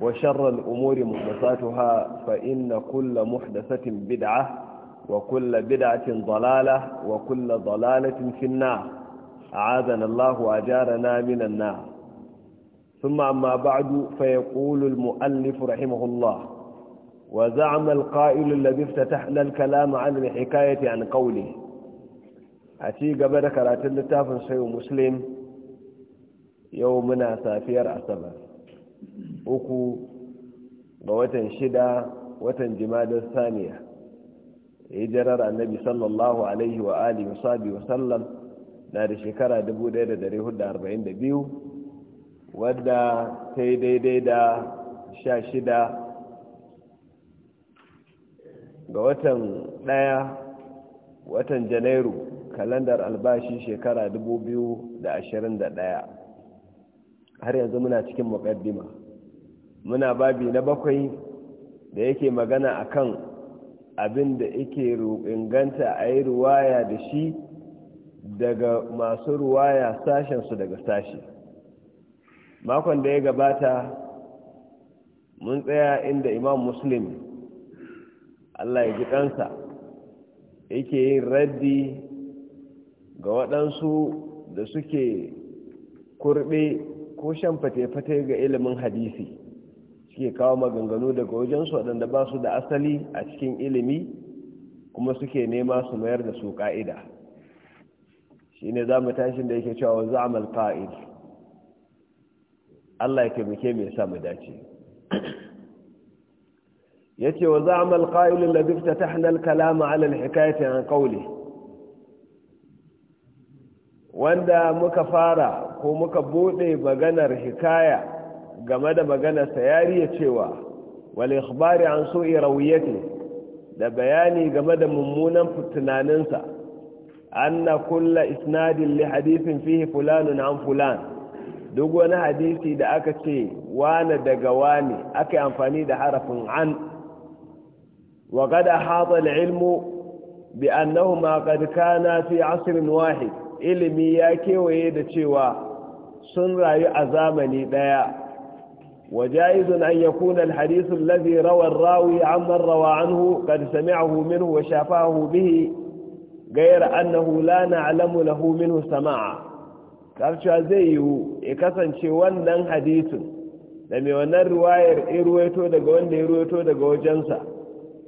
وشر الأمور محدثاتها فإن كل محدثة بدعة وكل بدعة ضلالة وكل ضلالة في النار أعاذنا الله وأجارنا من النار ثم أما بعد فيقول المؤلف رحمه الله وزعم القائل الذي افتتحنا الكلام عن الحكاية عن قوله أتي قبل كرات النتاف سيو مسلم يومنا سافير أسبر uku ga watan shida watan jimadar saniya jarar annabi sallallahu alaihi wa alihi wa sabi wa sallam na da shekara 1442 wadda ta yi daidai da sha shida ga watan ɗaya watan janairu kalandar albashi shekara 2021 har yanzu muna cikin muƙaddima muna babi na bakwai da yake magana akan abin da yake inganta a yi ruwaya da shi daga masu ruwaya sashensu daga sashi makon da ya gabata mun tsaya inda imam muslim allah ya ji kansa yake yin raddi ga waɗansu da suke kurɓe ko shan fate-fate ga ilimin hadisi suke kawo maganganu daga wajensu waɗanda ba su da asali a cikin ilimi kuma suke nema su mayar da su ƙa'ida shi ne za mu tashin da yake cewa wanzu amal ƙa'id allah ya taimake mai sa mu dace ya ce wa za amal ƙa'ilun da duk ta tahnal kalama alal hikayatin an ƙaule wanda muka fara ko muka buɗe maganar hikaya game da maganarsa ya cewa wal ikhbari an su'i rawiyati da bayani game da mummunan tunaninsa anna kulla isnadin li hadithin fihi fulanun an fulan duk wani hadisi da aka ce wane daga wane aka amfani da harafin an wa gada haɗa ilmu bi annahu ma sai kana fi asrin wahid ilimi ya kewaye da cewa sun rayu a zamani ɗaya وجائز أن يكون الحديث الذي روى الراوي عمن روى عنه قد سمعه منه وشافاه به غير أنه لا نعلم له منه سماعا كارشا زيه شوان لن حديث لم يوانا الرواية إرويتو دقا وانا إرويتو دقا جنسا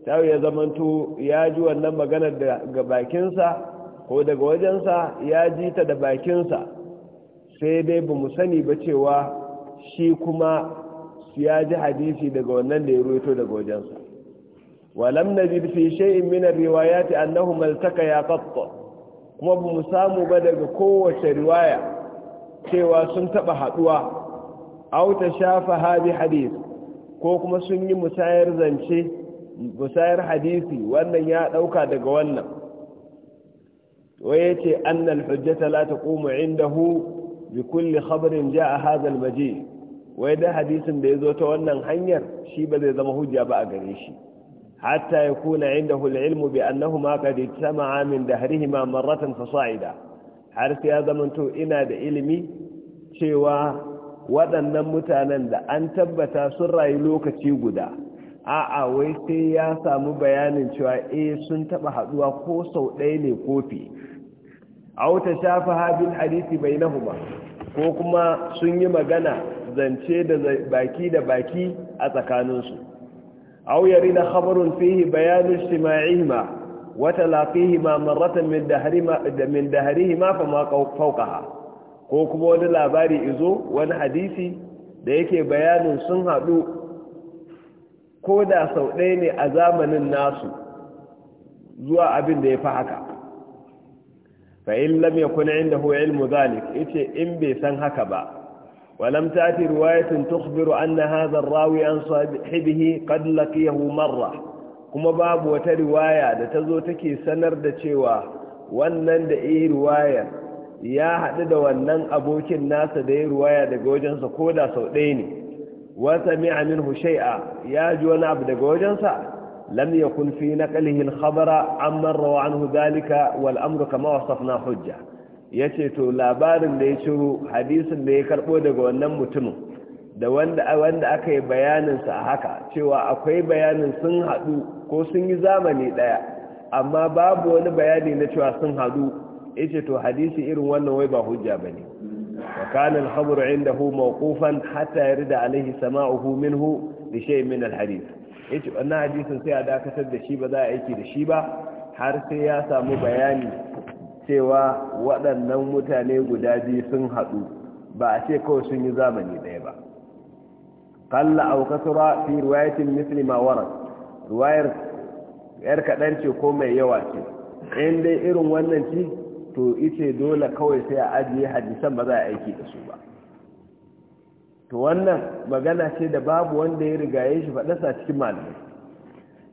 تاو يزمنتو ياجو النمى قنا باكنسا ko daga wajensa ya ji ta da bakinsa sai dai ba mu sani ba shi kuma ya ji hadisi daga wannan da ya ruwaito daga wajensa walam najid fi shay'in min ar annahu annahum ya qatta kuma mu samu ba daga kowace riwaya cewa sun taba haduwa aw shafa hadi hadith ko kuma sun yi musayar zance musayar hadisi wannan ya dauka daga wannan waye ce annal hujjata la taqumu indahu bi kulli khabarin jaa wai da hadisin da ya zo ta wannan hanyar shi ba zai zama hujja ba a gare shi hatta ya kuna inda hul'ilmu bi annahu ma qad da min dahrihima marratan fasa'ida har sai ya zama to ina da ilimi cewa waɗannan mutanen da an tabbata sun rayu lokaci guda a'a wai sai ya samu bayanin cewa eh sun taɓa haduwa ko sau ɗaya ne kofi ta shafa bil hadisi bainahuma ko kuma sun yi magana zance da baki da baki a tsakaninsu yari na khabarun fihi bayanin ma wata lafihi ma marratan min dahrima min dahrihima ma fawqaha ko kuma wani labari izo wani hadisi da yake bayanin sun haɗu ko da sau ɗaya ne a zamanin nasu zuwa abin da ya fi haka fa'in lam ya kuna inda huwa ilmu zalik ita in bai san haka ba ولم تأتي رواية تخبر أن هذا الراوي عن صاحبه قد لقيه مرة kuma babu wata riwaya da ta zo take sanar da cewa wannan da iya riwayar ya haɗu da wannan abokin nasa da ya riwaya daga wajensa ko da sau ɗaya ne wata mi'amin a ya ji wani abu daga wajensa lam yakun fi naqlihi al-khabara amma rawa anhu dhalika wal amru kama wasafna hujja ya ce to labarin da ya ciro hadisin da ya karbo daga wannan mutumin da wanda wanda aka yi bayaninsa a haka cewa akwai bayanin sun haɗu ko sun yi zamani ɗaya amma babu wani bayani na cewa sun haɗu ya ce to hadisi irin wannan wai ba hujja ba ne وكان الخبر عنده موقوفا حتى يرد عليه سماعه منه min من ya yace wannan hadisin sai a dakatar da shi ba za a aiki da shi ba har sai ya samu bayani cewa waɗannan mutane guda biyu sun haɗu ba a ce kawai sun yi zamani ɗaya ba kalla au kasura fi ruwayatin misli waran ruwayar yar kaɗan ce ko mai yawa ce in dai irin wannan ci to ita dole kawai sai a ajiye hadisan ba za a aiki da su ba to wannan magana ce da babu wanda ya rigaye shi faɗasa cikin malamai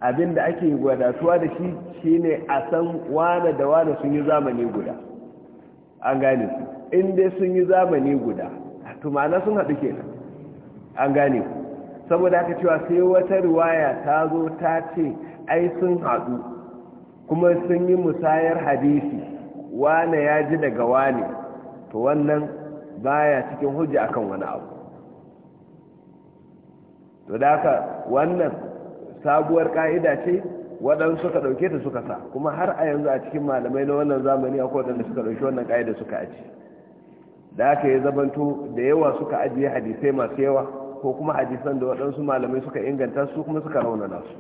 abinda ake gwadatuwa da shi shine a san wane da wane sun yi zamani guda an gane su inda sun yi zamani guda tumana sun haɗu kenan an gane ku saboda aka cewa sai wata riwaya ta zo ta ce ai sun haɗu kuma sun yi musayar hadisi wane ya ji daga wane to wannan baya cikin hujja akan wani abu to da haka wannan sabuwar ka'ida ce waɗansu suka ɗauke ta suka sa kuma har a yanzu a cikin malamai na wannan zamani akwai waɗanda suka ɗauki wannan ka'ida suka aji da aka yi zabanto da yawa suka ajiye hadisai masu yawa ko kuma hadisan da waɗansu malamai suka inganta su kuma suka raunana su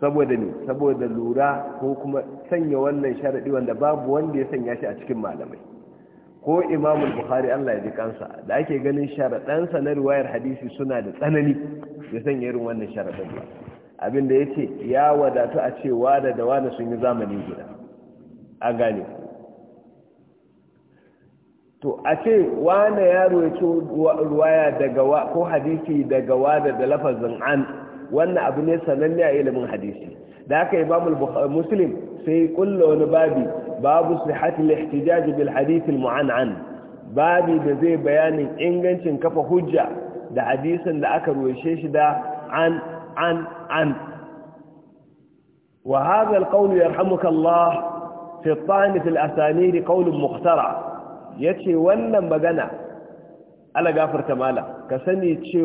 saboda ne saboda lura ko kuma sanya wannan sharaɗi wanda babu wanda ya sanya shi a cikin malamai ko imamul bukhari allah ya ji kansa da ake ganin sharaɗansa na riwayar hadisi suna da tsanani ya sanya irin wannan sharaɗin ba abin da ya ce ya wadatu a ce wada da wada sun yi zamani guda a gane to a ce wane yaro ya ce ruwaya daga ko hadisi daga wada da lafazin an wannan abu ne sananne a ilimin hadisi da aka yi babu muslim sai kulla wani babi babu sihatul ihtijaj bil hadith mu'an'an babi da zai bayanin ingancin kafa hujja da hadisin da aka ruwaye shi da an عن عن وهذا القول يرحمك الله في الطعن في الأسانيد قول مخترع يتشي ولن مغنى ألا غافر كمالا كسني تشي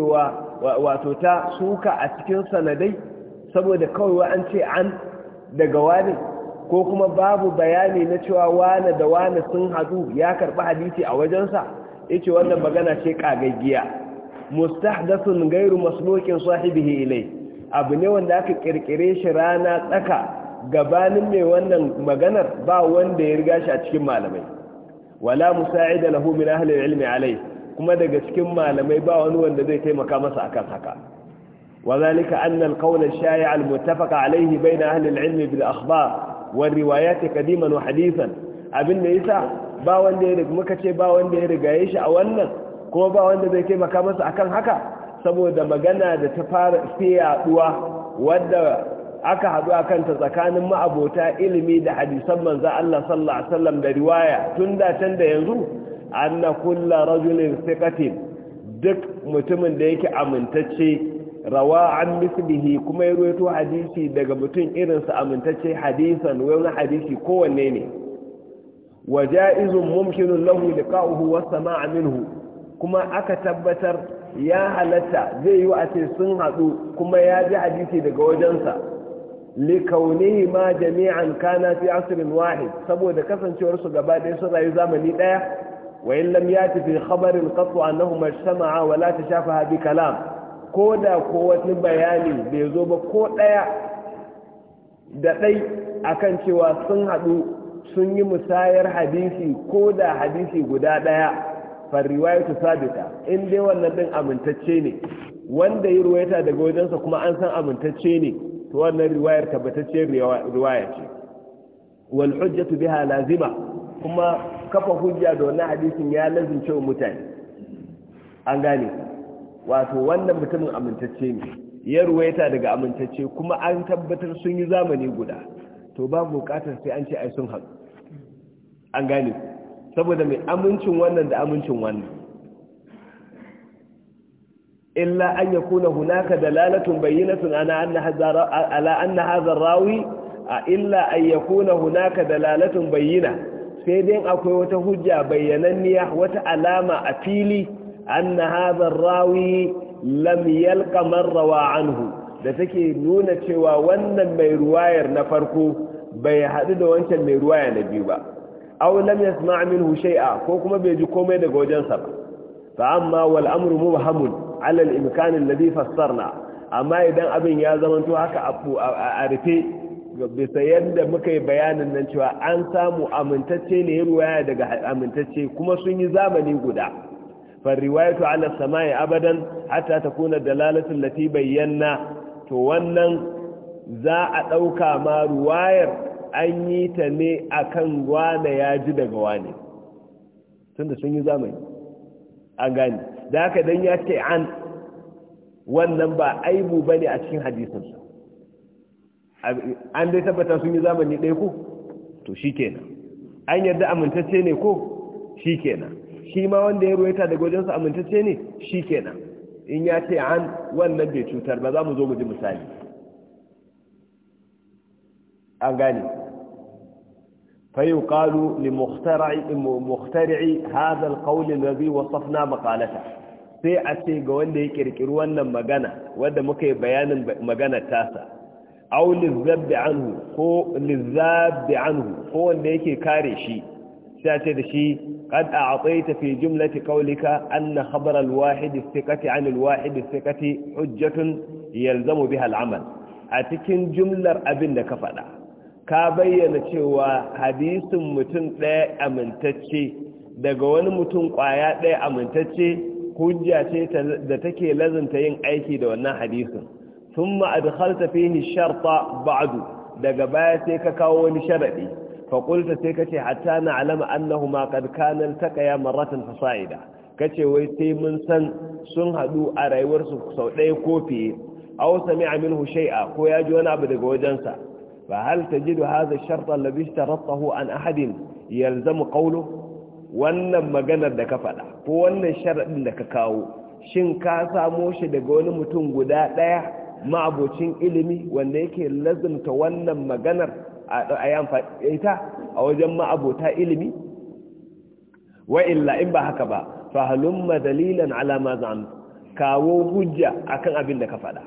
واتوتا سوكا أتكين سندي سبو دا قول وأنتي عن دا قواني ko kuma babu bayani na cewa wane da wane sun hadu ya karɓi hadisi a wajensa yace wannan magana ce kagaggiya mustahdathun ghairu masluqin sahibihi ilai abu ne wanda aka kirkire shi rana tsaka gabanin mai wannan maganar ba wanda ya riga shi a cikin malamai wala musa'ida lahu min ahli ilmi alai kuma daga cikin malamai ba wani wanda zai taimaka masa akan haka وذلك أن القول الشائع المتفق عليه بين أهل العلم بالأخبار والروايات قديما وحديثا abin da yasa ba wanda ya riga muka ce ba wanda ya riga shi a wannan kuma ba wanda zai taimaka masa akan haka saboda magana da ta fara sai yaduwa wadda aka haɗu a kanta tsakanin ma'abota ilimi da hadisan manzo Allah sallallahu alaihi wasallam da riwaya tun da can da yanzu anna kullu rajulin thiqatin duk mutumin da yake amintacce rawa an mislihi kuma ya ruwaito hadisi daga mutum irinsa amintacce hadisan wani hadisi kowanne ne wa ja'izun mumkinun lahu liqa'uhu was sama'a minhu kuma aka tabbatar ya halatta zai yi a ce sun haɗu kuma ya ji hadisi daga wajensa likaunihi ma jami'an kana fi asirin wahid saboda kasancewarsu gaba ɗaya sun rayu zamani ɗaya wa in lam yati fi khabarin qatu annahum ijtama'a wa la tashafaha bi kalam ko da ko wani bayani bai zo ba ko ɗaya da ɗai akan cewa sun haɗu sun yi musayar hadisi ko da hadisi guda ɗaya farriwayatu sabita in dai wannan din amintacce ne wanda ya ruwaita daga wajensa kuma an san amintacce ne to wannan riwayar tabbatacce riwaya ce wal hujjatu biha lazima kuma kafa hujja da wannan hadisin ya lazimce wa mutane an gane wato wannan mutumin amintacce ne ya ruwaita daga amintacce kuma an tabbatar sun yi zamani guda to babu bukatar sai an ce ai sun haɗu an gane ku saboda mai amincin wannan da amincin wannan illa an yakuna hunaka dalalatun bayyinatun ana ala anna hadha rawi illa an yakuna hunaka dalalatun bayyina sai dai akwai wata hujja bayyananniya wata alama a fili anna hadha rawi lam yalqa rawa anhu da take nuna cewa wannan mai ruwayar na farko bai haɗu da wancan mai ruwaya na biyu ba aw lam yasma' minhu shay'a ko kuma bai ji komai daga wajensa ba fa amma wal amru mubhamun ala al imkan alladhi fassarna amma idan abin ya zama zamanto haka a rufe bisa yadda muka yi bayanin nan cewa an samu amintacce ne ruwaya daga amintacce kuma sun yi zamani guda فالرواية على السماء أبدا حتى تكون الدلالة التي بينا to wannan za a dauka ma ruwayar an yi ta ne a kan wane ya ji daga wane da sun yi zamani a gani da haka dan ya ce an wannan ba aibu bane a cikin hadisin an dai tabbata sun yi zamani ɗaya ko to shi kenan an yarda amintacce ne ko shi kenan shi ma wanda ya ruwaita daga wajensu amintacce ne shi kenan in ya ce an wannan bai cutar ba za mu zo mu ji misali an gane فيقال لمخترع مخترع هذا القول الذي وصفنا مقالته sai a ce ga wanda ya kirkiri wannan magana wadda muka yi bayanin magana tasa au lizzabbi anhu ko lizzabbi anhu ko wanda yake kare shi sai ce da shi qad a'tayta fi jumlati qawlika anna khabar al-wahid istiqati an al-wahid istiqati hujjatun yalzamu biha al-amal a cikin jumlar abin da ka faɗa ka bayyana cewa hadisin mutum ɗaya amintacce daga wani mutum ƙwaya ɗaya amintacce hujja ce da take lazanta yin aiki da wannan hadisin sun fi ni sharta ba'adu, daga baya sai ka kawo wani sharaɗi faƙulta sai ka ce hatta na alama annahu ma ƙarƙanar taƙaya maratan fasa'ida ka ce wai sai mun san sun haɗu a rayuwarsu sau ɗaya ko fiye a wasu sami aminu a ko ya ji wani abu daga wajensa فهل تجد هذا الشرط الذي اشترطه عن أحد يلزم قوله wannan maganar da ka faɗa ko wannan sharaɗin da ka kawo shin ka samo shi daga wani mutum guda ɗaya ma'abocin ilimi wanda yake lazumta wannan maganar a ita a wajen ma'abota ilimi wa illa in ba haka ba fa halumma dalilan ala ma kawo hujja akan abin da ka faɗa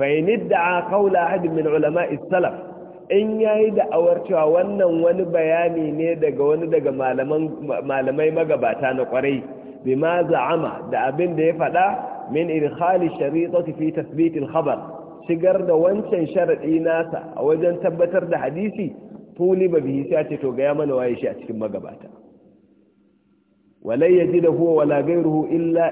fa in idda'a qawla ahad min ulama'i salaf in ya yi da'awar cewa wannan wani bayani ne daga wani daga malamai magabata na kwarai bi ma za'ama da abin da ya faɗa min irkhali shari'ati fi tasbitin khabar shigar da wancan sharadi nasa a wajen tabbatar da hadisi tuli ba bihi sai ce to ga ya mana waye shi a cikin magabata walai huwa wala ghayruhu illa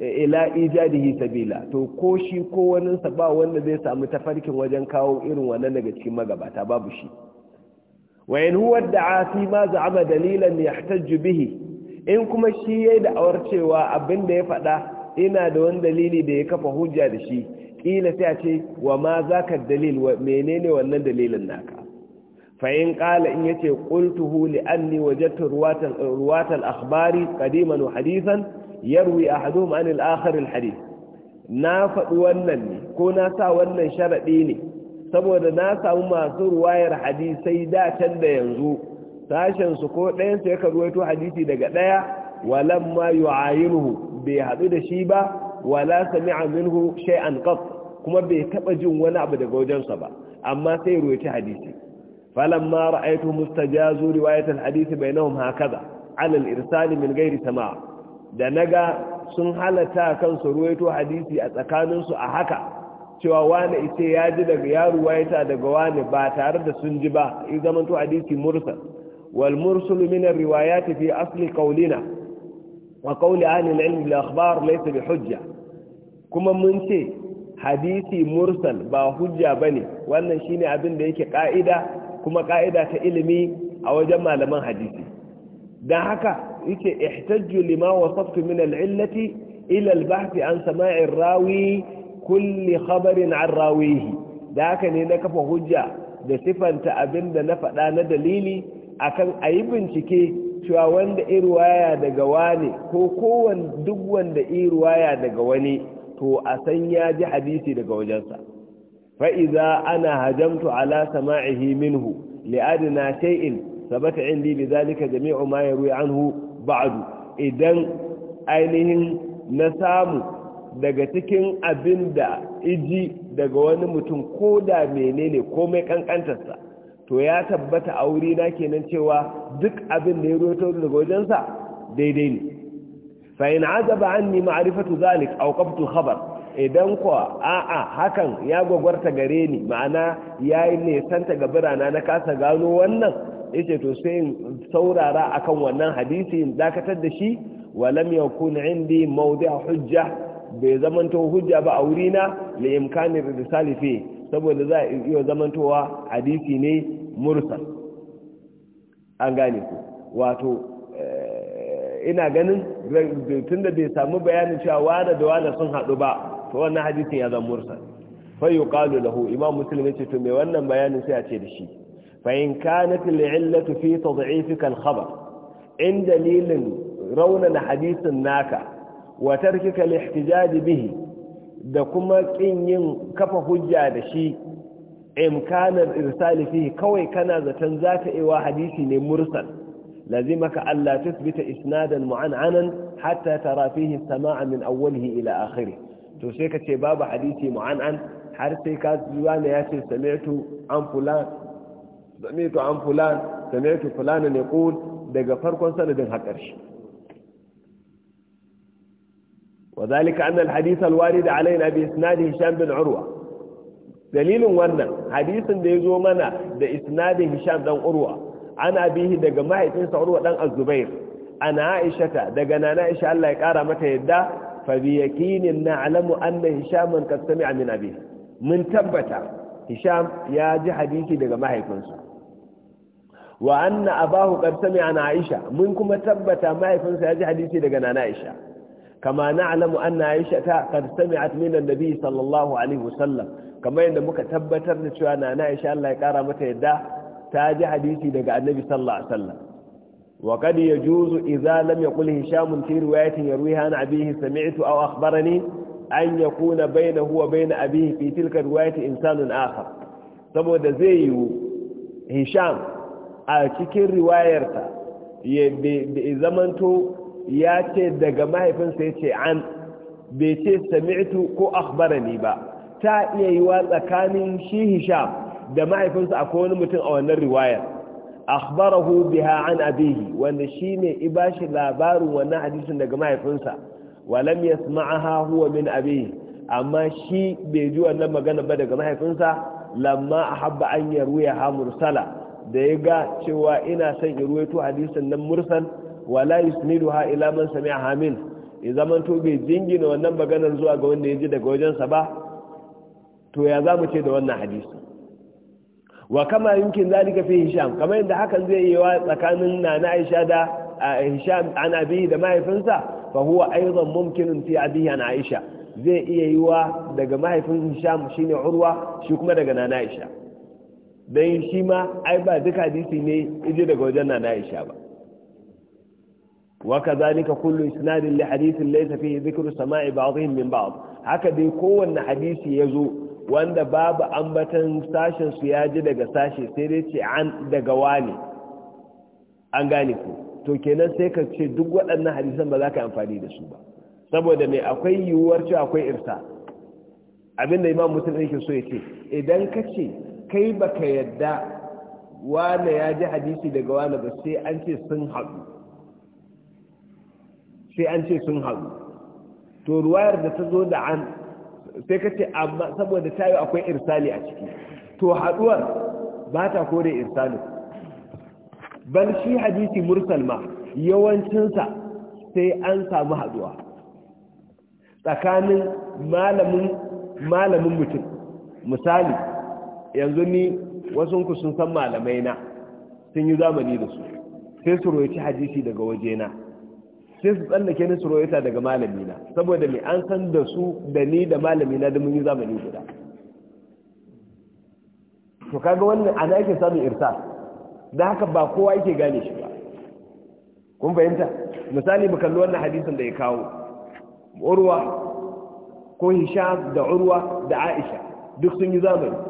ila ijadihi sabila to ko shi ko wani ba wanda zai samu tafarkin wajen kawo irin wannan daga cikin magabata babu shi wa in huwa da'a fi ma za'ama dalilan yahtajju bihi in kuma shi yayi awar cewa abinda ya faɗa ina da wani dalili da ya kafa hujja da shi kila sai a ce wa ma zaka dalil menene wannan dalilin naka in yace qultuhu li anni wajadtu ruwatan ruwatan akhbari qadiman wa hadithan yarwi ahaduhum anil akhar al hadith na faɗi wannan ne ko na sa wannan sharaɗi ne saboda na samu masu ruwayar hadisai da can da yanzu sashen su ko ɗayan su ya ruwaito hadisi daga ɗaya walan ma yu'ayinuhu bai haɗu da shi ba wala sami'a minhu an qat kuma bai taɓa jin wani abu daga wajensa ba amma sai ruwaito hadisi ma ra'aytu mustajazu riwayat al hadisi bainahum hakaza ala irsali min gairi sama'a. da naga sun halatta kansu ruwaito hadisi a tsakaninsu a haka cewa wani ita ya ji daga ya ruwaita daga wani ba tare da sun ji ba in to hadisi mursal wal mursul min ar-riwayat fi asli qawlina wa qawli ahli al-ilm bil akhbar laysa bi hujja kuma mun ce hadisi mursal ba hujja bane wannan shine abin da yake ka'ida kuma ka'ida ta ilimi a wajen malaman hadisi dan haka yake ihtajju lima wasaftu min al-illati ila al-bahth an sama'i rawi kulli khabarin an rawihi da haka ne na kafa hujja da sifanta abinda na faɗa na dalili akan ayi bincike cewa wanda irwaya daga wani ko kowan duk wanda irwaya daga wani to a san ya ji hadisi daga wajensa fa'iza ana hajamtu ala sama'ihi minhu li'adina shay'in sabata indi bi zalika jami'u ma yaruwi anhu ba'adu idan ainihin na samu daga cikin abin da iji daga wani mutum ko da menene komai kankantarsa to ya tabbata a wuri na kenan cewa duk abin da ya roto daga wajensa daidai ne fa'in azaba an ni ma'arifatu zalik a khabar idan kuwa a'a hakan ya gwagwarta gare ni ma'ana ya ne santa ga na kasa gano wannan ce to sai in saurara akan wannan hadisi in dakatar da shi wa lam yakun indi mawdi'a hujja bai zamanto hujja ba a wurina li imkanin risali fi saboda za a iya zamantowa hadisi ne mursal an gane ku wato eh, ina ganin tunda bai samu bayanin cewa wada da wada sun haɗu ba to wannan hadisin ya zama mursal fa yuqalu lahu imam muslim yace to me wannan bayanin sai a ce da shi فإن كانت العلة في تضعيفك in dalilin raunan رونن naka ناكا وتركك الاحتجاج به da kuma ƙin yin kafa hujja da shi imkanar irsali fihi kawai kana zaton za ta iwa hadisi ne mursal lazimaka Allah tusbita isnadan mu'an'anan hatta tara fihi sama'a min awwalihi ila akhirih to sai ce babu hadisi mu'an'an har sai ka zuwa ne ya ce sami'tu sami'tu an fulan sami'tu fulanan yaqul daga farkon sanadin har ƙarshe وذلك أن الحديث الوارد علينا بإسناد هشام بن عروة دليل ون حديث ديزو منا بإسناد هشام بن عروة عن أبيه دقمه إتنس عروة دن الزبير عن عائشة دقنا نائشة الله يكارى متى يدى فبيكين نعلم أن هشاما قد سمع من أبيه من تبتا هشام يا جي حديثي دقمه إتنسه wa anna abahu qad sami'a na Aisha mun kuma tabbata mahaifinsa ya ji hadisi daga nana Aisha kama na'lamu anna Aisha ta qad sami'at min annabi sallallahu alaihi wasallam kamar yadda muka tabbatar da cewa nana Aisha Allah ya kara mata yadda ta ji hadisi daga annabi sallallahu alaihi wasallam wa qad yajuzu idza lam yaqul hisham fi riwayatin yarwiha an abihi sami'tu aw akhbarani an yakuna bainahu wa bain abihi fi tilka riwayati insanun akhar saboda zai yiwu hisham a cikin riwayarta ya zamanto ya ce daga mahaifinsa ya ce an bai ce sami'tu ko akhbarani ba ta iya yi wa tsakanin shi hisham da mahaifinsa akwai wani mutum a wannan riwayar akhbarahu biha an abihi wanda shine ibashi labarin wannan hadisin daga mahaifinsa walam yasma'aha huwa min abihi amma shi bai ji wannan magana ba daga mahaifinsa lamma ahabba an yarwiya ha mursala da ya ga cewa ina son in ruwaito hadisin nan mursal wala yusniduha ila man sami'a hamin in zaman to bai jingina wannan maganar zuwa ga wanda ya ji daga wajensa ba to ya zamu ce da wannan hadisi wa kama yumkin zalika fi hisham kamar yadda hakan zai yi wa tsakanin nana Aisha da hisham an abi da mahaifinsa fa huwa aidan mumkinun fi abi an Aisha zai iya yiwa wa daga mahaifin hisham shine urwa shi kuma daga nana Aisha don shi ma ai ba duk hadisi ne ije daga wajen na na isha ba waka zalika kullu sinadin li hadithin laysa fihi dhikru sama'i ba'dihim min ba'd haka dai kowanne hadisi yazo wanda babu ambatan sashen su ya ji daga sashe sai dai ce an daga wani an gane ku to kenan sai ka ce duk waɗannan hadisan ba za ka amfani da su ba saboda mai akwai yiwuwar cewa akwai irsa abinda imam mutum yake so ya ce idan ka ce kai baka yadda wane ya ji hadisi daga wane ba sai an ce sun haɗu sai an ce sun haɗu to ruwayar da ta zo da an sai ka ce amma saboda tayo akwai irsali a ciki to haɗuwar ba ta kore irsali bal shi hadisi mursal ma yawancinsa sai an samu haɗuwa tsakanin malamin malamin mutum misali yanzu ni ku sun san malamai na sun yi zamani da su sai su roye hadisi daga waje na sai su tsallake ni su ta daga malami na saboda mai an san da su da ni da na da mun yi zamani guda to kaga wannan ana yake samun irsa da haka ba kowa yake gane shi ba kun fahimta misali mu kalli wannan hadisin da ya kawo urwa ko hisham da urwa da aisha duk sun yi zamani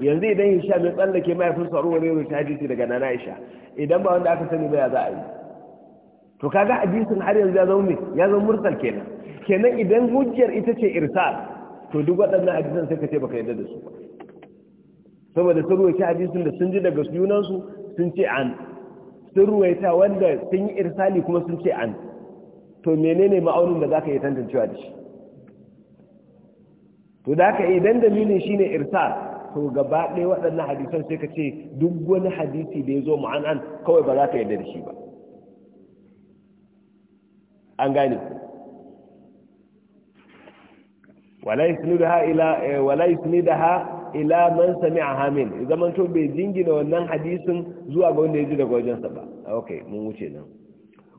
yanzu idan sha ya tsallake tsaro wani yau ta hadisi daga nana aisha idan ba wanda aka sani ba ya za a yi to kaga hadisin har yanzu ya zama ya zama mursal kenan kenan idan hujjar ita ce irsal to duk waɗannan hadisan sai ka ce baka yarda da su ba saboda sun ruwaita hadisin da sun ji daga junansu sun ce an sun ruwaita wanda sun yi irsali kuma sun ce an to menene ma'aunin da zaka yi tantancewa da shi to da haka idan dalilin shine irsal to gaba ɗaya waɗannan hadisan sai ka ce duk wani hadisi da ya zo ma'anan kawai ba za ka yarda da shi ba an gane wala suni da ha ila man sami a hamin zaman to bai jingina wannan hadisin zuwa ga wanda ya ji daga wajensa ba ok mun wuce nan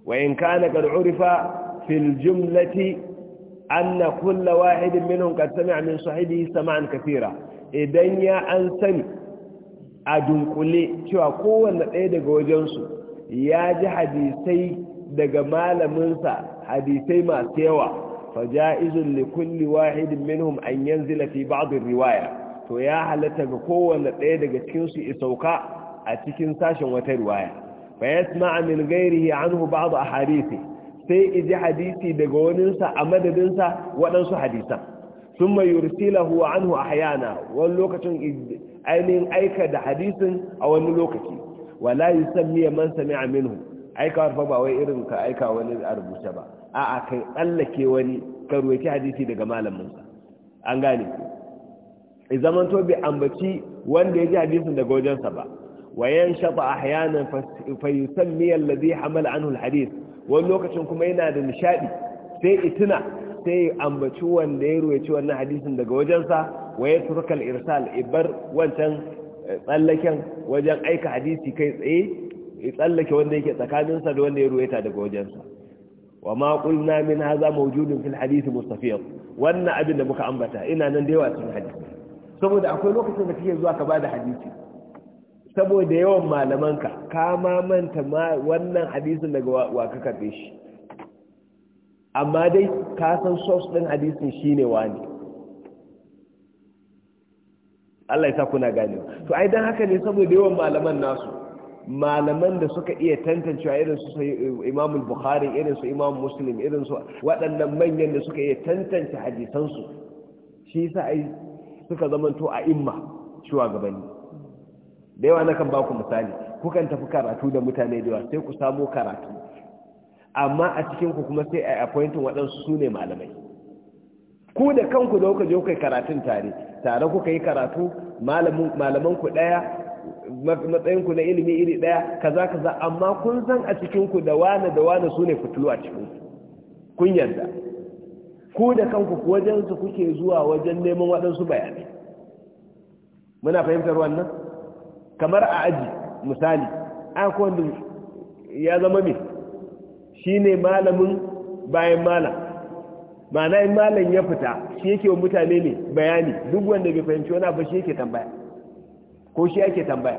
wa in kana kad fil jumlati anna kulla wahidin min sami a min sahibihi sama'an kafira. idan ya an sani a dunkule cewa kowanne ɗaya daga wajensu ya ji hadisai daga malaminsa hadisai masu yawa faja'izun li kulli wahidin minhum an yanzila fi ba'd riwaya to ya halatta ga kowanne ɗaya daga cikinsu su isauka a cikin sashen wata riwaya fa yasma'a min ghairihi anhu ba'd ahadithi sai iji hadisi daga waninsa a madadinsa waɗansu hadisan Sun thumma yursilahu anhu ahyana wani lokacin ainihin aika da hadisin a wani lokaci wala miya man sami'a minhu aika fa ba wai irin ka aika wani a rubuce ba a'a kai tsallake wani ka hadisi daga malamin sa an gane ku zaman to bi ambaci wanda ya ji hadisin daga wajensa ba wayan shafa ahyanan fa yusammi alladhi hamala anhu hadis. wani lokacin kuma yana da nishadi sai ituna sai ambaci wanda ya ruwaci wannan hadisin daga wajensa wa ya turka irsal ibar wancan eh, tsallaken wajen aika hadisi kai tsaye ya tsallake wanda yake tsakaninsa da wanda ya ruwaita daga wajensa wa ma qulna min hadha mawjudun fil hadisi mustafiq wannan abin da muka ambata ina nan da yawa cikin hadisi saboda akwai lokacin da kike zuwa ka bada hadisi saboda yawan malamanka ka ma manta wannan hadisin daga wa ka karbe shi amma dai kasan san source din hadisin shine wani Allah ya sa kuna gane to ai dan haka ne saboda yawan malaman nasu malaman da suka iya tantancewa irin su eh, Imam Bukhari irin su Imam Muslim irin su waɗannan manyan da suka iya tantance hadisansu su shi yasa ai suka zamanto a imma shugabanni da yawa kan ba ku misali kukan tafi karatu da mutane da yawa sai ku samo karatu amma a cikinku kuma sai a appointin waɗansu su ne malamai ku da kanku da kuka je kuka karatun tare tare kuka yi karatu malaman ku ɗaya matsayin na ilimi iri ɗaya kaza kaza amma kun san a cikin ku da wani da wani su ne fitulu a cikin kun yarda ku da kanku wajen kuke zuwa wajen neman waɗansu bayanai muna fahimtar wannan kamar a aji misali akwai ya zama mai shine malamin bayan malam mana in malam ya fita shi yake wa mutane ne bayani duk wanda bai fahimci wani abu shi yake tambaya ko shi yake tambaya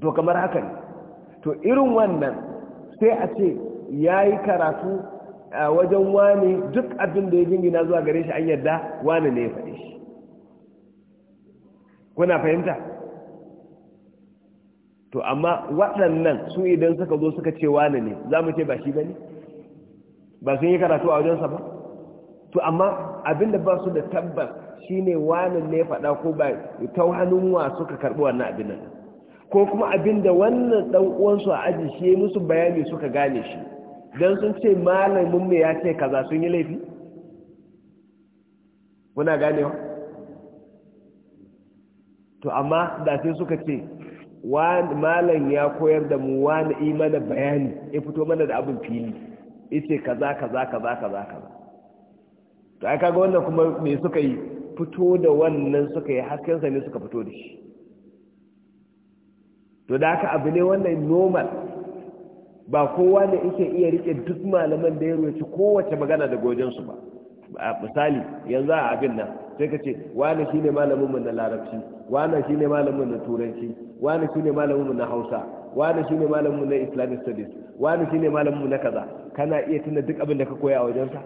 to kamar haka ne to irin wannan sai a ce ya yi karatu a wajen wani duk abin da ya jingina zuwa gare shi an yadda wani ne ya faɗi shi kuna fahimta to amma waɗannan su idan suka zo suka ce wane ne za mu ce ba shi ba ne ba sun yi karatu a wajensa ba to amma abin da ba su da tabbas shi ne wane ne faɗa ko ba ta hannun wa suka karɓi wannan abin nan ko kuma abin da wannan ɗan uwansu a aji shi ya musu bayani suka gane shi don sun ce malamin mu ya ce kaza sun yi laifi muna ganewa to amma da sai suka ce malam ya koyar da mu wani imana bayani ya fito mana da abin fili ita kaza kaza kaza kaza kaza to ka ga wannan kuma me suka yi fito da wannan suka yi hasken sa ne suka fito da shi to da haka abu ne wannan normal ba kowa ne ike iya rike duk malaman da ya roci kowace magana da gojensu ba misali yanzu a abin nan sai ka ce wani shine malamin na larabci wani shine malamin na turanci wani shine malamin mu na Hausa wani shine malamin mu na Islamic studies wani shine malamin mu na kaza kana iya tuna duk abin da ka koya a wajensa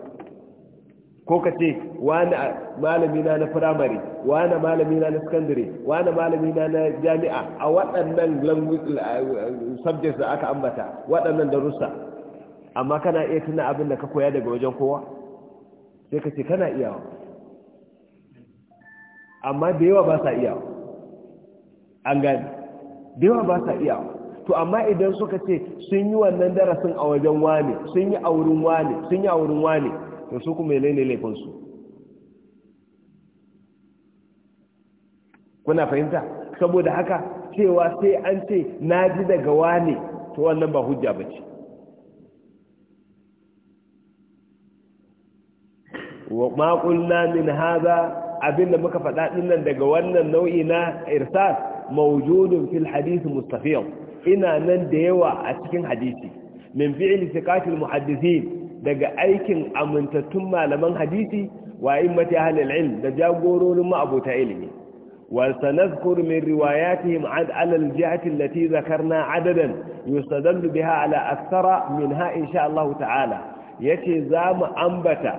ko ka ce wani malami na na primary wani malami na na secondary wani malami na na jami'a a waɗannan subjects da aka ambata waɗannan darussa amma kana iya tuna abin da ka koya daga wajen kowa sai ka ce kana iyawa amma da yawa ba sa iyawa an gani da yawa ba sa iya to amma idan suka ce sun yi wannan darasin a wajen wane sun yi a wurin wane sun yi a wurin wane to su kuma ne laifinsu kuna fahimta saboda haka cewa sai an ce na ji daga wane to wannan ba hujja ba ce ma na min haza abinda muka faɗa nan daga wannan nau'i na irsas mawjudun fil hadisi mustafiyan ina nan da yawa a cikin hadisi min fi'li thiqatil muhaddisin daga aikin amintattun malaman hadisi wa immati ahli al-ilm da jagororin ma'abota ilimi wa sanadhkur min riwayatihim an ala al-jihati allati dhakarna adadan yustadallu biha ala akthara minha insha Allah ta'ala yace za mu ambata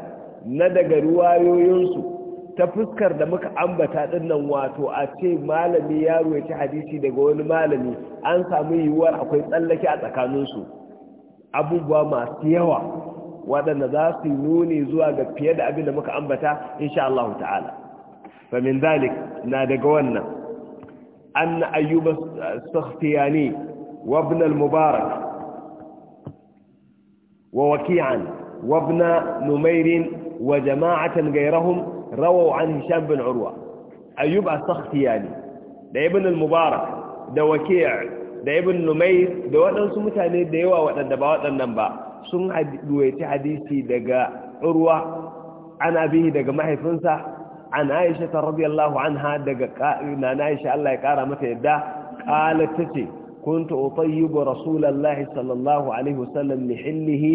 na daga riwayoyinsu. ta fuskar da muka ambata ɗinnan wato a ce malami yaro ya ci hadisi daga wani malami an samu yiwuwar akwai tsallake a tsakaninsu abubuwa masu yawa waɗanda za su nuni zuwa ga fiye da abin da muka ambata insha Allah ta'ala famin zalik na daga wannan An na ayyuba sakhtiyani wa mubarak wa wakiyan wa numairin wa jama'atan gairahum rawau an hisham bin urwa ayyub a sakhtiyani da ibn al-mubarak da waki' da ibn numai da waɗansu mutane da yawa waɗanda ba waɗannan ba sun duwaci hadisi daga urwa ana bihi daga mahaifinsa an aisha ta radiyallahu anha daga na aisha Allah ya kara mata yadda kala kun tace كنت أطيب رسول الله alaihi الله عليه وسلم لحله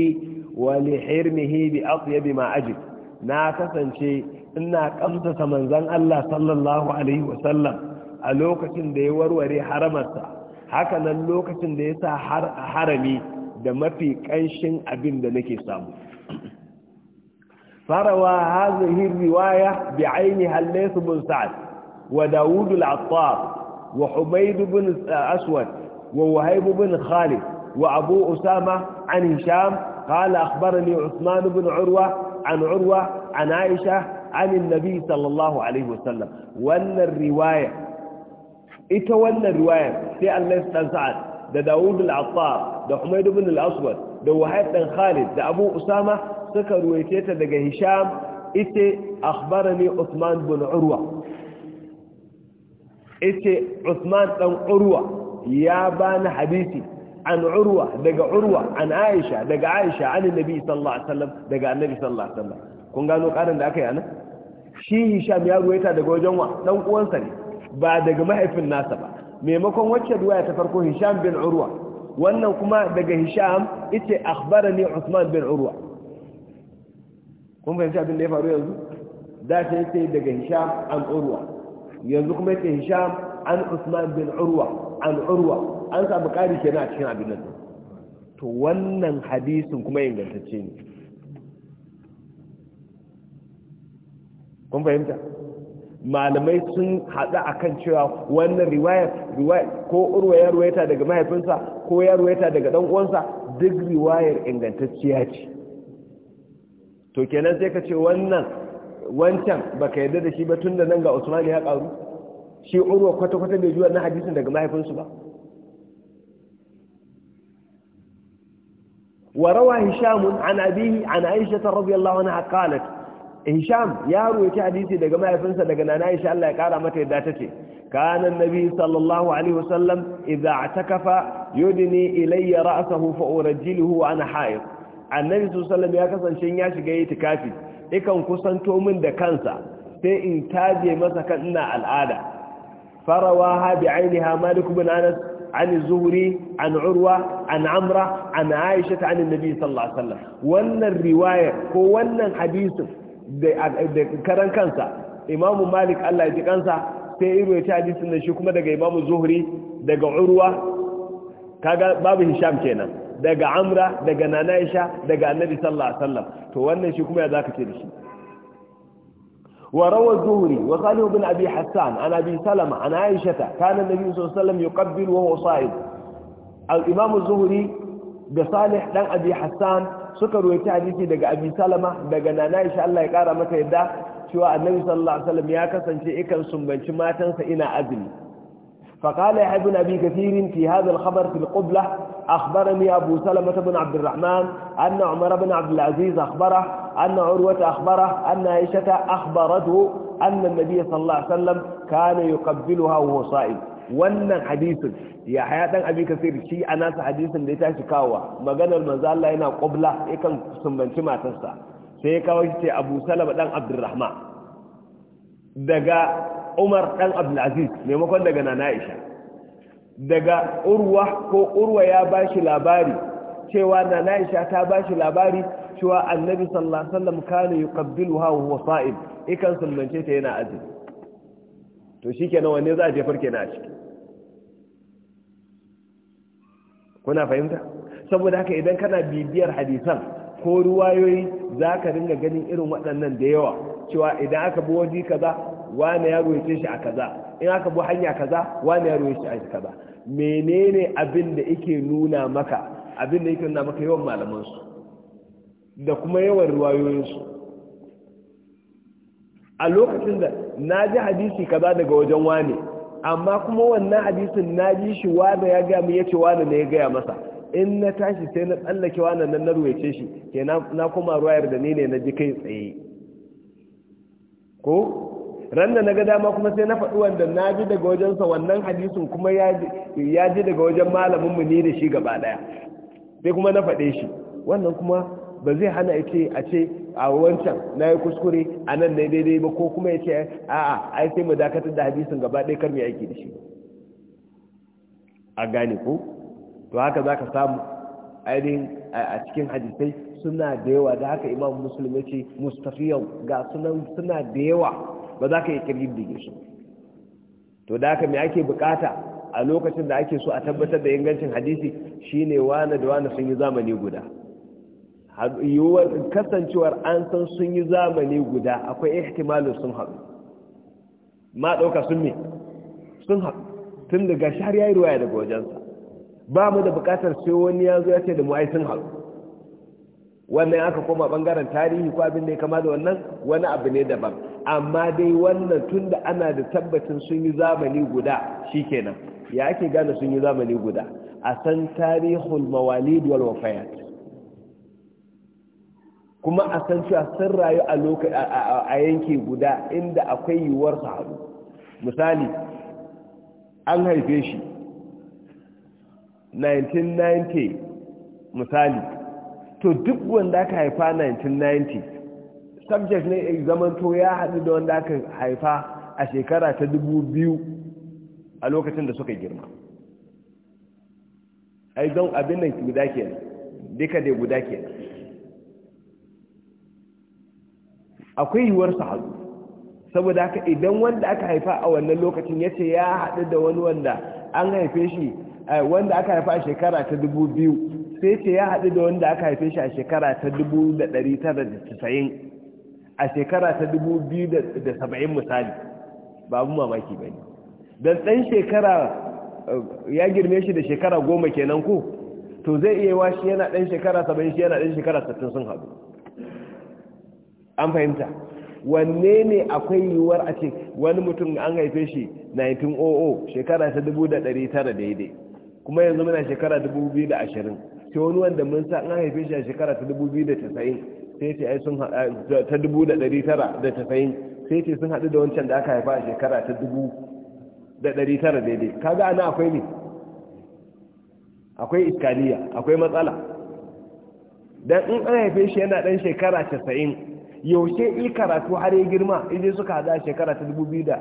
ولحرمه بأطيب ما أجد na شيء ina kamsasa manzan Allah sallallahu alaihi wasallam a lokacin da ya warware haramarsa haka nan lokacin da ya sa harami da mafi kanshin abin da nake samu farawa hazihi riwaya bi aini halaysu bin sa'ad wa daud al-attar wa humayd bin aswad wa wahib bin khalid wa abu usama an hisham qala akhbarani usman bin urwa an urwa an aisha عن النبي صلى الله عليه وسلم ولا الرواية إيه ولا الرواية في الناس تنسعد دا داود العطار دا حميد بن الأسود دا وحيد بن خالد دا أبو أسامة سكر رويتيتا دا هشام إيه أخبرني عثمان بن عروة إيه عثمان بن عروة يا بان حديثي عن عروة دا عروة عن عائشة دا عائشة عن النبي صلى الله عليه وسلم دا النبي صلى الله عليه وسلم كون قالوا قارن ذاك انا يعني؟ shi hisham ya ruwaita daga wajen wa dan uwansa ne ba daga mahaifin nasa ba maimakon wacce ruwaya ta farko hisham bin urwa wannan kuma daga hisham ita akhbarani usman bin urwa kun fahimci abin da ya faru yanzu da ta yace daga hisham an urwa yanzu kuma yace hisham an usman bin urwa an urwa an samu kari kenan a cikin abin nan to wannan hadisin kuma ingantacce ne kun fahimta malamai sun haɗu a kan cewa wannan riwayar ko urwa ya ruwaita daga mahaifinsa ko ya ruwaita daga ɗan'uwansa uwansa duk riwayar ingantacciya ce to kenan sai ka ce wannan wancan baka yarda da shi ba tun da nan ga usman ya karu. shi urwa kwata-kwata bai ji wannan hadisin daga mahaifinsu ba وروى هشام عن أبيه عن عائشة ta الله anha qalat hisham ya ruwaci hadisi daga mahaifinsa daga nana aisha Allah ya kara mata yadda tace kana annabi sallallahu alaihi wasallam idza atakafa yudni ilayya ra'sahu fa urajjiluhu ana haid annabi sallallahu ya kasance ya shiga itikafi ikan kusanto min da kansa sai in taje masa kan ina al'ada farawaha ainiha malik ibn anas an الزهري an عروة an عمرة عن عائشة عن النبي صلى الله عليه Wannan وأن ko wannan hadisin. da karan kansa imamu malik allah ya ji kansa sai iro ya ci hadisin da shi kuma daga imamu zuhri daga urwa kaga babu hisham kenan daga amra daga nana isha daga annabi sallallahu alaihi wasallam to wannan shi kuma ya zaka ce da shi وروى الزهري وخالد بن أبي حسان عن أبي سلمة عن عائشة كان النبي صلى الله عليه وسلم يقبل وهو صائم الإمام الزهري بصالح dan أبي hassan. suka ruwaita hadisi daga abi salama daga nana insha Allah ya kara mata yadda cewa annabi sallallahu alaihi wasallam ya kasance ikan sumbanci matansa ina azumi فقال يا ابن أبي كثير في هذا الخبر في القبلة أخبرني أبو سلمة بن عبد الرحمن أن عمر بن عبد العزيز أخبره أن عروة أخبره أن عائشة أخبرته أن النبي صلى الله عليه وسلم كان يقبلها وهو صائم wannan hadisin ya haya dan abi kasir shi a nasa hadisin da ya tashi kawowa maganar manzo Allah yana qabla yakan sumbanci matarsa sai ya kawo shi ce Abu Salama dan Abdurrahman daga Umar dan Abdul Aziz maimakon daga Nana Aisha daga Urwa ko Urwa ya bashi labari cewa Nana Aisha ta bashi labari cewa Annabi sallallahu alaihi wasallam kana yuqabbiluha wa huwa sa'id ikan sumbance ta yana aji to shikenan wanne za a jefar kenan a ciki kuna fahimta saboda haka idan kana bibiyar hadisan ko ruwayoyi za ka ringa ganin irin waɗannan da yawa cewa idan aka bi waje kaza wani ya ruwace shi a kaza in aka bi hanya kaza wani ya ruwace shi a kaza menene abin da yake nuna maka abin da yake nuna maka yawan malamansu da kuma yawan ruwayoyinsu a lokacin da na ji hadisi kaza daga wajen wani. amma kuma wannan hadisin na ji shi wanda ya gaya mu yace wanda ne ya gaya masa in na tashi sai na tsallake wannan nan na ruwaice shi ke na kuma ruwayar da ni ne na ji kai tsaye ko ran da na ga dama kuma sai na faɗi wanda na ji daga wajensa wannan hadisin kuma ya ji daga wajen mu ni da shi gaba daya sai kuma na faɗe shi wannan kuma ba zai hana ya a ce a wancan na yi kuskure a nan na daidai ba ko kuma ya ce a'a ai sai mu dakatar da hadisin gaba ɗaya kar mai aiki da shi a gane ko to haka za ka samu ainihin a cikin hadisai suna da yawa da haka imam musulmi ce mustafiyau ga sunan suna da yawa ba za ka yi kirgin da su to da haka mai ake bukata a lokacin da ake so a tabbatar da ingancin hadisi shine wane da wane sun yi zamani guda yiwuwar kasancewar an san sun yi zamani guda akwai ihtimalin sun haɗu ma ɗauka sun ne sun haɗu tun daga shari ya yi ruwaya daga wajensa ba mu da buƙatar sai wani ya zo ya ce da mu ai sun haɗu wannan aka koma ɓangaren tarihi ko abin da ya kama da wannan wani abu ne daban amma dai wannan tun da ana da tabbacin sun yi zamani guda shi kenan ya ake gane sun yi zamani guda a san tarihul mawalid wal wafayat kuma a san cewa sun rayu a yanki guda inda akwai yiwuwar su haɗu misali an haife shi 1990 misali to duk wanda aka haifa 1990 subject ne zamanto ya haɗu da wanda aka haifa a shekara ta 2000 a lokacin da suka girma ai don abin nan guda ke duka da guda ke akwai yiwuwar su haɗu saboda haka idan wanda aka haifa a wannan lokacin ya ce ya haɗu da wani wanda an haife shi eh, wanda aka haifa a shekara ta dubu sai ce ya haɗu da wanda aka haife shi a shekara ta 1990 a shekara ta 2070 misali babu mamaki ba ne don ɗan shekara eh, ya girme shi da shekara goma kenan ko to zai iya washi yana ɗan shekara 70 shi yana ɗan shekara 60 sun haɗu an fahimta wanne ne akwai yiwuwar a ce wani mutum an haife shi 1900 shekara ta 1900 daidai kuma yanzu muna shekara 2020 sai wani wanda mun sa an haife shi a shekara ta 2090 sai ce ai sun haɗa ta 1990 sai ce sun haɗu da wancan da aka haifa a shekara ta 1900 daidai kaga ana akwai ne akwai iskaliya akwai matsala dan in an haife shi yana dan shekara 90 yaushe i karatu har ya girma inda suka hada shekara ta dubu biyu da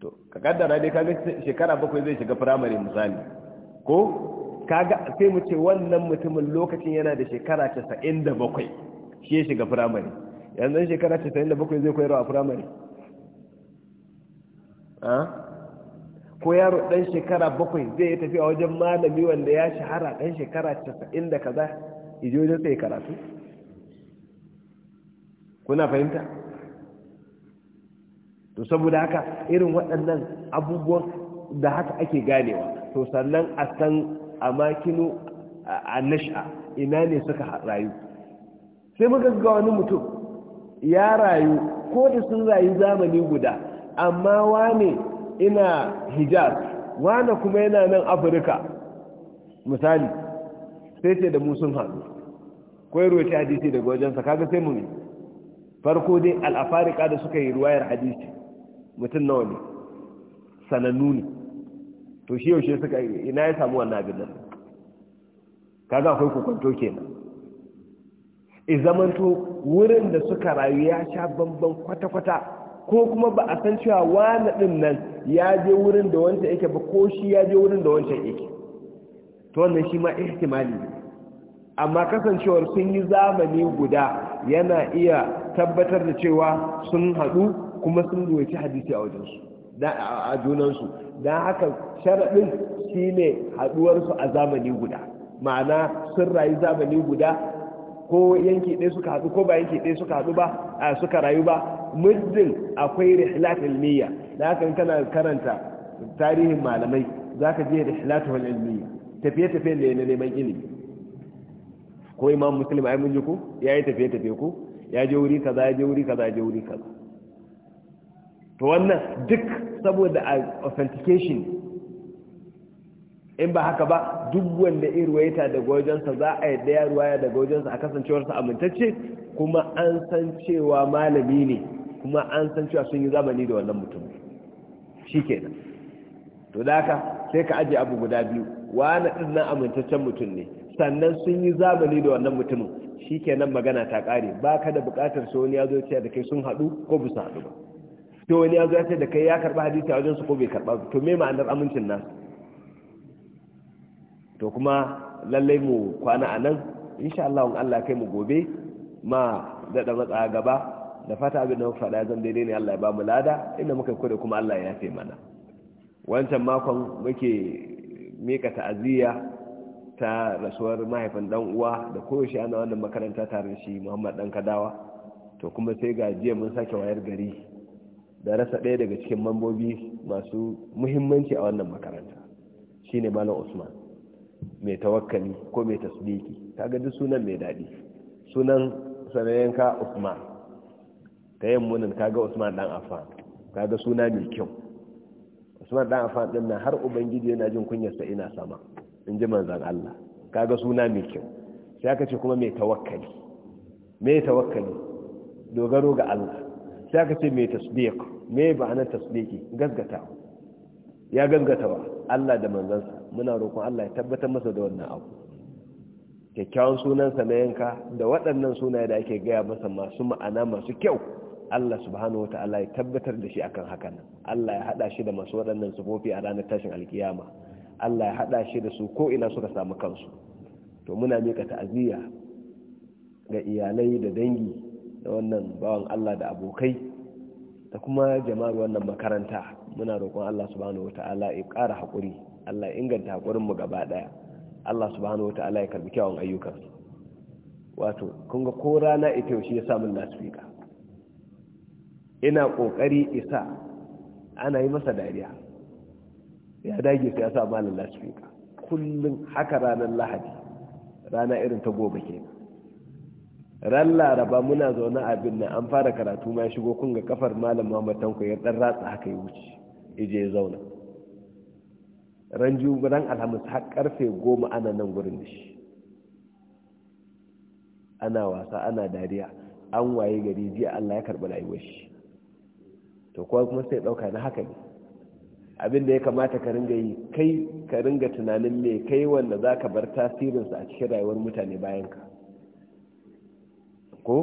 to ka kaddara dai kaga shekara bakwai zai shiga firamare misali ko kaga sai mu ce wannan mutumin lokacin yana da shekara casa'in da bakwai shi ya shiga firamare yanzu shekara casa'in da bakwai zai koyarwa a firamare ko yaro dan shekara bakwai zai tafi a wajen malami wanda ya shahara dan shekara casa'in da kaza ijo idan tsaye karatu kuna fahimta to saboda haka irin waɗannan abubuwan da haka ake ganewa to sannan a san makino a nasha ina ne suka rayu sai muka ga wani mutum ya rayu ko da sun rayu zamani guda amma wane ina hijaz wane kuma yana nan afirka misali sai ce da mu sun haɗu ko ya hadisi daga wajensa kaga sai mu ne farko dai al'afarika da suka yi ruwayar hadisi mutum nawa ne sanannu ne to shi yaushe suka ina ya samu wannan abin nan kaga akwai kwanto kenan i zamanto wurin da suka rayu ya sha bamban kwata-kwata ko kuma ba a san cewa wani ɗin nan ya je wurin da wancan yake ba ko shi ya je wurin da wancan yake to wannan shi ma ihtimali amma kasancewar sun yi zamani guda yana iya tabbatar da cewa sun haɗu kuma sun duwaci hadisi a wajensu a junansu don haka sharaɗin shi ne haɗuwarsu a zamani guda ma'ana sun rayu zamani guda ko yanki ɗaya suka haɗu ko ba yanki ɗaya suka haɗu ba a suka rayu ba muddin akwai rihlat ilmiya da haka kana karanta tarihin malamai zaka je da rihlatuhul ilmiya tafiye tafiye da na neman ilimi ko imam muslim ai mun ji ku ya yi tafiye-tafiye ku ya je wuri kaza ya je wuri kaza ya je wuri kaza to wannan duk saboda authentication in ba haka ba duk wanda in da daga wajensa za a yadda ya ruwaya daga wajensa a kasancewarsa amintacce kuma an san cewa malami ne kuma an san cewa sun yi zamani da wannan mutum shi kenan to da haka sai ka ajiye abu guda biyu wani ɗin na amintaccen mutum ne sannan sun yi zamani da wannan mutumin shi kenan magana ta ƙare ba ka da buƙatar sai wani ya zo ce da kai sun haɗu ko bu su haɗu ba to wani ya zo ya ce da kai ya karɓi hadisi a su ko bai karɓa to me ma'anar amincin nasu to kuma lallai mu kwana a nan insha Allah in Allah kai mu gobe ma daɗa matsa gaba da fata abin da muka faɗa zan daidai ne Allah ya ba mu lada inda muka kure kuma Allah ya yafe mana wancan makon muke mika ta'aziyya ta rasuwar mahaifin dan uwa da koyaushe ana wannan makaranta tare shi Muhammad dan Kadawa to kuma sai ga jiya mun sake wayar gari da rasa ɗaya daga cikin mambobi masu muhimmanci a wannan makaranta shine Malam Usman mai tawakkali ko mai tasbiki kaga duk sunan mai daɗi sunan sanayenka Usman ta munin kaga Usman dan Affan kaga suna mai kyau usman dan afan din nan har ubangiji yana jin kunyarsa ina sama in ji manzan Allah kaga suna mai kyau sai aka ce kuma mai tawakkali mai tawakkali dogaro ga Allah sai aka ce mai tasdiq mai ba'ana tasdiqi gaggata ya gaskatawa Allah da manzansa muna roƙon Allah ya tabbatar masa da wannan abu kyakkyawan sunansa na yanka da waɗannan sunaye da ake gaya masa masu ma'ana masu kyau Allah subhanahu wata'ala ya tabbatar da shi akan hakan Allah ya hada shi da masu waɗannan sufofi a ranar tashin alkiyama Allah ya hada shi da su ko ina suka samu kansu to muna mika ta'aziyya ga iyalai da dangi da wannan bawan Allah da abokai da kuma jama'ar wannan makaranta muna roƙon Allah subhanahu wata'ala ya ƙara haƙuri Allah ya inganta haƙurin mu gaba ɗaya Allah subhanahu wata'ala ya karbi kyawun ayyukansu wato kun ga ko rana ita yau shi ya samu lasfika ina ƙoƙari isa ana yi masa dariya ya dage sai ya sa malin lasfika kullum haka ranar lahadi rana irin ta gobe ke ran laraba muna zaune a nan an fara karatu ma ya shigo kun ga kafar malam muhammad tanko ya dan ratsa haka ya wuce ije ya zauna ran ran alhamis har karfe goma ana nan gurin da shi ana wasa ana dariya an waye gari jiya allah ya karɓi rayuwar shi to kowa kuma sai ɗauka na haka ne abin da ya kamata ka ringa yi kai ka ringa tunanin me kai wanda za ka bar tasirinsa a cikin rayuwar mutane bayan ka ko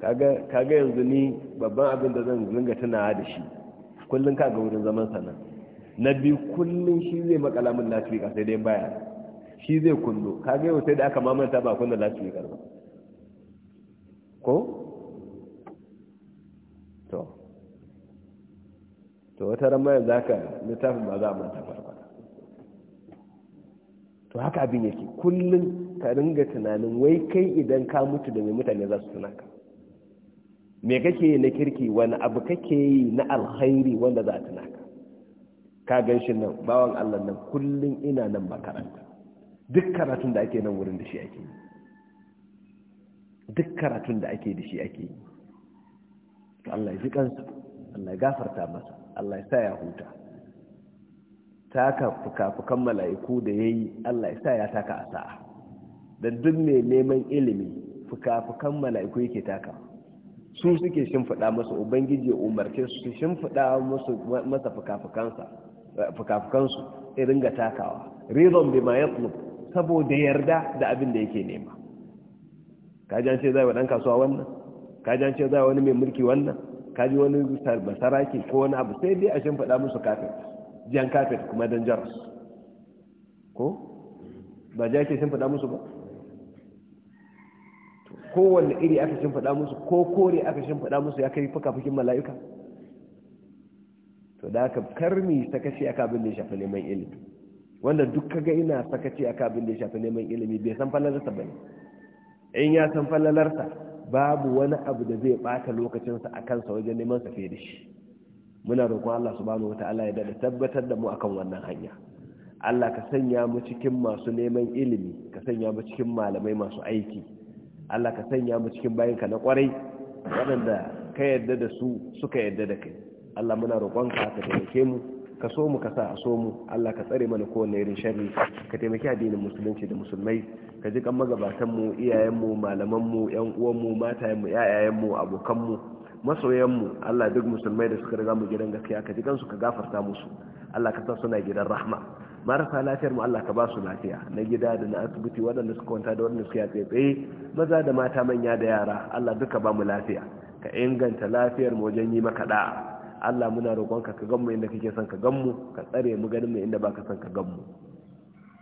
kaga yanzu ni babban abin da zan ringa tunawa da shi kullum ka ga wurin zaman sana na biyu kullum shi zai makala min lafika sai dai baya shi zai kullu kaga yau sai da aka mamanta ba kunna lafika ba ko to to wata ramayar za ka littafin ba za a manta ba. to haka abin yake kullum ka ringa tunanin wai kai idan ka mutu da mai mutane za su tunaka me kake yi na kirki wani abu kake yi na alhairi wanda za a tunaka ka gan shi nan bawan allah nan kullum ina nan makaranta duk karatun da ake nan wurin da shi ake yi duk karatun da ake da shi ake yi Allah ya ji kansa Allah ya gafarta masa Allah ya sa ya huta taka fuka-fukan mala'iku da ya yi Allah ya sa ya taka a sa'a don duk mai neman ilimi fuka-fukan mala'iku yake taka su suke shimfiɗa masa ubangiji umarci su shimfiɗa masa fuka-fukansu irin ga takawa rizon bi ma ya saboda yarda da abin da yake nema kajan ce zai wa ɗan kasuwa wannan kajan ce zai wani mai mulki wannan kaji wani basaraki ko wani abu sai dai a faɗa musu kafet jan kafet kuma don jaras ko ba ja ke faɗa musu ba kowanne iri aka faɗa musu ko kore aka faɗa musu ya kai fuka-fukin mala'ika to da aka karmi sakaci aka abin da ya shafi neman ilimi wanda duk kaga ina sakaci aka abin da ya shafi neman ilimi bai san falalarsa ba ne in ya san falalarsa babu wani abu da zai bata lokacinsa a kansa wajen neman sa da shi muna roƙon Allah subhanahu wataala ya dada tabbatar da mu akan wannan hanya Allah ka sanya mu cikin masu neman ilimi ka sanya mu cikin malamai masu aiki Allah ka sanya mu cikin bayinka na kwarai waɗanda ka yarda da su suka yarda da kai Allah muna roƙonka ka taimake mu ka so mu ka sa a so mu Allah ka tsare mana kowane irin sharri ka taimaki addinin musulunci da musulmai ka ji kan magabatanmu iyayenmu malamanmu yan uwanmu matayenmu yayayenmu abokanmu masoyanmu Allah duk musulmai da suka riga mu gidan gaskiya ka ji kansu ka gafarta musu Allah ka sa suna gidan rahma marasa lafiyar mu Allah ka ba su lafiya na gida da na asibiti waɗanda suka kwanta da waɗanda suka tsaye maza da mata manya da yara Allah duka ba mu lafiya ka inganta lafiyar mu wajen yi maka da'a Allah muna roƙonka ka gan mu inda kake son ka gan ka tsare mu ganin mu inda baka son ka gan mu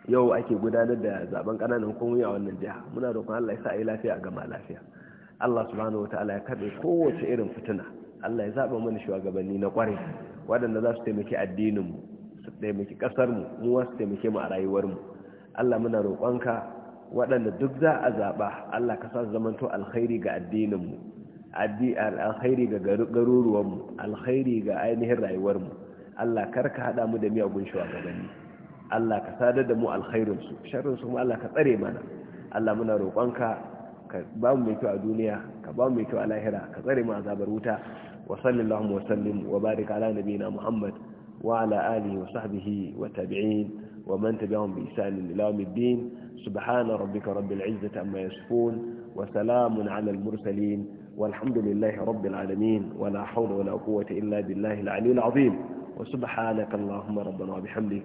yau ake gudanar da zaben kananan hukumomi a wannan jiha muna roƙon Allah ya sa a yi lafiya a gama lafiya Allah subhanahu wataala ya karbe kowace irin fitina Allah ya zaɓa mana shugabanni na kwarai waɗanda za su taimaki addinin mu su taimaki ƙasar mu mu wasu taimake mu a rayuwar mu Allah muna roƙonka waɗanda duk za a zaɓa Allah ka sa su zamanto alkhairi ga addininmu alkhairi ga mu alkhairi ga ainihin rayuwar mu Allah kar ka haɗa mu da miyagun shugabanni Allah ka sadar da mu alkhairin su sharrin su Allah ka tsare mana Allah muna roƙonka ka ba mu mai kyau a duniya ka ba mu mai kyau a lahira ka tsare mu azabar wuta wa sallallahu wa sallim wa barik ala nabiyina Muhammad wa ala alihi wa sahbihi wa tabi'in wa man tabi'ahum bi ihsan ila yawmiddin subhana rabbika rabbil izzati amma yasifun wa salamun ala al mursalin والحمد لله رب العالمين ولا حول ولا قوة إلا بالله العلي العظيم وسبحانك اللهم ربنا وبحمدك